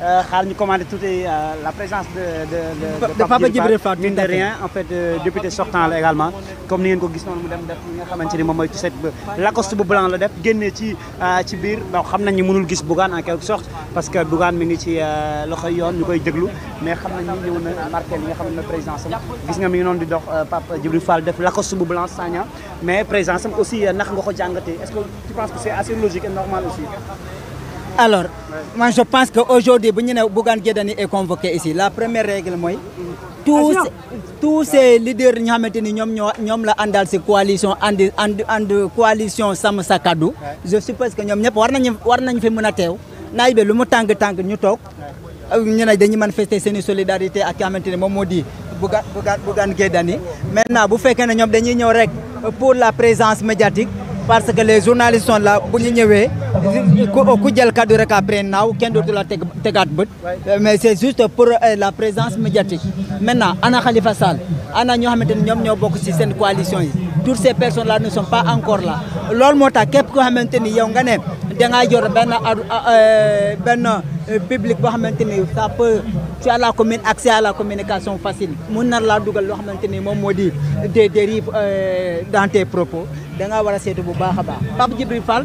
xaar euh, ñu commandé toute euh, la présence de de de. de Papa Djibril Fall mine de rien en fait euh, député sortant également comme ni ngeen ko gis non mu dem def nga xamanteni ni moom mooy set ba Lacoste bu blanc la def génnee ci ci bir bon xam nañ ni mënul gis Bougane en quelque sorte parce que Bougane mi ngi ci loxo yoon ñu koy mais xam nañ ni ñëw na marqué nga xam ne présidence gis nga mi ngi noonu di dox Papa Djibril Fall def Lacoste bu blanc Sagna mais présidence aussi nax nga ko jàngatee est-ce que tu penses que c'est assez logique et normal aussi. Alors, moi je pense qu'aujourd'hui, Bougan Guédani est convoqué ici. La première règle, moi, tous, ces leaders qui ont la coalition, coalition je suppose que nous avons faire mon Nous faire le nous manifester une solidarité à Kamentine, Momodi, Maintenant, vous faites que nous pour la présence médiatique, parce que les journalistes sont là pour nous ku jël kaddu rek après naaw kenn dootu la teg tegaat mais c'est juste pour euh, la présence médiatique maintenant ana Khalifa Sal, ana ñoo xamante ne ñoom ñoo bokk ci coalition yi toutes ces personnes là ne sont pas encore là loolu moo tax képp koo xamante yow nga ne dangaa yor benn euh, euh, public bo xamanteni ça peut tu as la commune accès à la communication facile mun na la dugal lo xamanteni mom modi des dérives dans tes propos da nga wara sétu bu baax a baax Pape Fall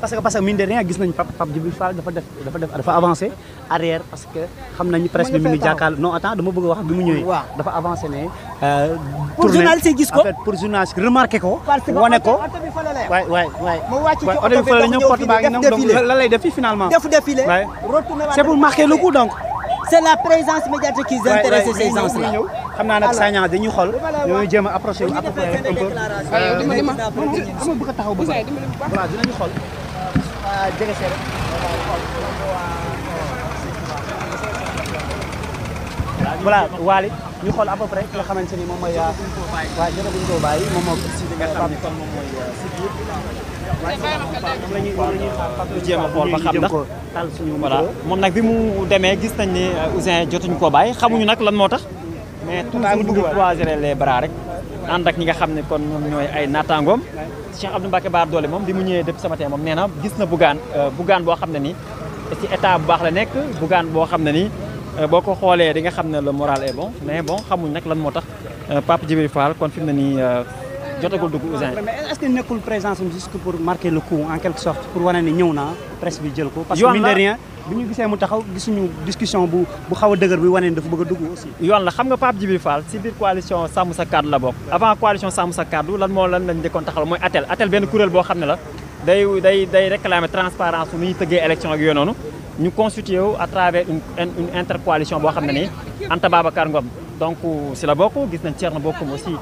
parce que parce que mine de rien gis nañ pap pap Djibril Fall dafa def dafa def dafa avancer arrière parce que xam nañu presse bi mi ngi jàkkaarloo non attends dama bëgg wax bi mu ñëwee dafa avancé ne euh, pour journaliste gis ko en fait pour journaliste remarqué ko wane ko waay waay waay oto bi fële la ñëw porte baa ngi ñëw donc lan lay def fi finalement def défilé c'est pour marquer le coup donc c'est la présence médiatique qui intéresse ces gens là xam naa nag Sagna dañuy xool ñooy jéem a approché wu à peu près un peu dama euh, bëgg a taxaw ba voilà dinañu xool jege see rek voilà ñu xool à peu près nga xamante ni moom mooy euh, waaw jotaguñ koo bàyyi moom moo si xam ne kon moom euh, moom a xool nag bi mu demee gis nañ ni euh, Ouzin jotuñ koo bàyyi xamuñu nag lan moo tax mais toujours mu ngi croiser les baraa rek ànd ak ñi nga xam ne kon ñoom ñooy ay naataangoom Cheikh Abdou Mbacké Bara Dolly moom bi mu ñëwee depuis sama tee moom nee na gis na Bougane euh, Bougane boo xam ne ni ci état bu baax la nekk Bougane boo xam ne ni euh, boo ko xoolee di nga xam ne la moral est bon mais bon xamuñ nag lan moo tax euh, Pape Djibril Fall kon fi mu ne nii jotagul dugg Ousin. mais est-ce que nekkul présence am juste pour marquer le coup en quelque sorte pour wane ñëw naa presse bi jël ko. parce que mine bi ñu gisee mu taxaw gisuñu discussion bu bu xaw a dëgër bi dafa bëgg a dugg aussi. yoon la xam nga Pape Djibril Fall si biir coalition Sàmm sa kàddu la bokk. avant coalition Sàmm sa kàddu lan moo lan lañ njëkkoon taxawal mooy ATEL ATEL benn kuréel boo xam ne la day day day réclamer transparence nu ñuy tëggee élection ak yooyu noonu boo xam ne nii Anta Babacar Ngom donc c'est la bokk gis nañ tierna Bocoum aussi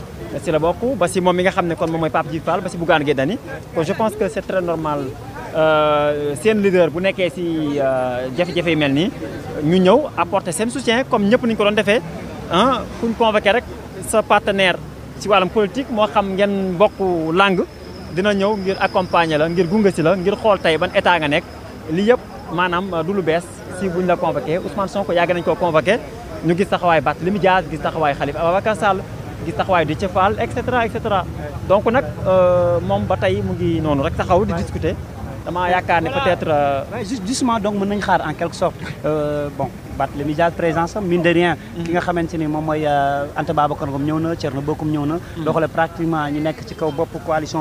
c'est la bokk ba si moom mi nga xamné kon moom mooy Pape Djibril Fall ba si Bougane Gueye Dany kon je pense que c'est très normal euh sen leader bu nekké si jafé euh, jafé melni ñu ñëw apporter sen soutien comme ñëpp ni ko doon défé hein kuñ convoquer rek sa partenaire ci wàllum politique mo xam ngeen bokk langue dina ñëw ngir accompagner la ngir gunge ci la ngir xol tay ban état nga nekk li yëpp manam du lu bees si buñ la convoquer Ousmane Sonko yag nañ ko convoquer ñu gis taxawaay Barthélémy gis Khalif Sall gis donc on euh mon batay mu ngi rek taxaw di discuter dama peut-être. Euh, justement donc meun nañ xaar en quelque sorte euh, bon le Dias présence mine de rien. ki nga xamante ni euh, mm. pratiquement ñu ci kaw coalition